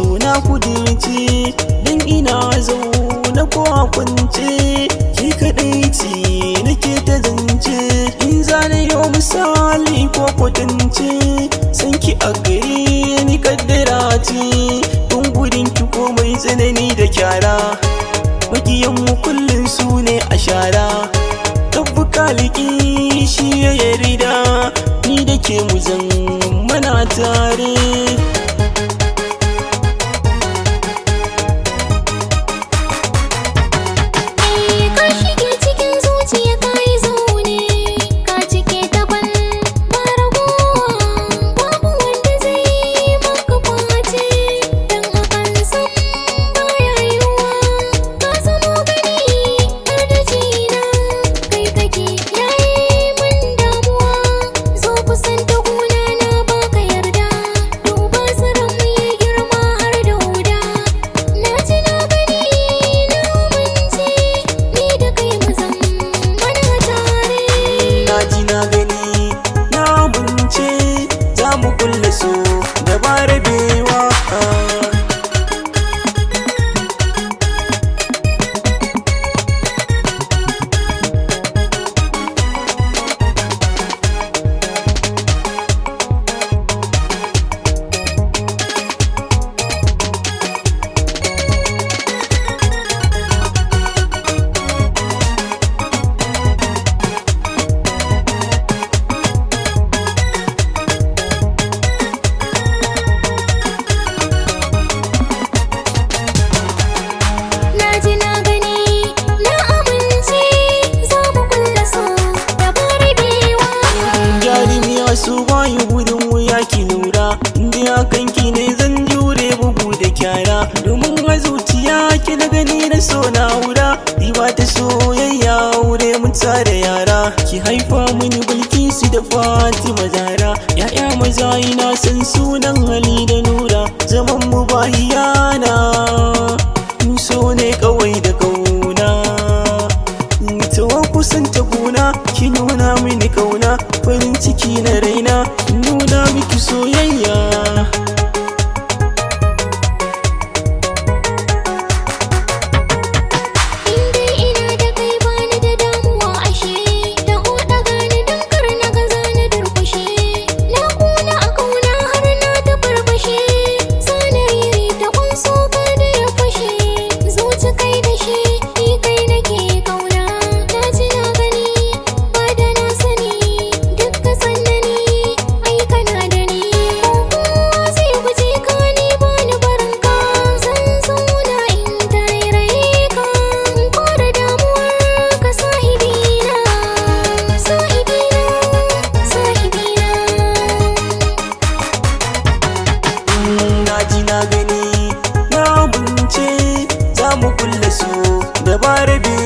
so na kudirce dan ina zo na a ki kaɗai ce nake ta zance in zane yi misali ko kwatance san ki a gari ni kaddara ci don gudun ki ko mai tsanani da kyara magiyan mu kullum su ne a shara tabbu kaliki shi ya yarida ni da ke mu zan mana tare kanki ne zan jure bugu da kyara domin a zuciya ki na gani na so na wura diwa ta soyayya wure mun da yara ki haifa mini bilkisu da fatima zara ya'ya maza na san sunan hali kusanta gona ki nuna mini kauna farin ciki na raina nuna miki soyayya da barbi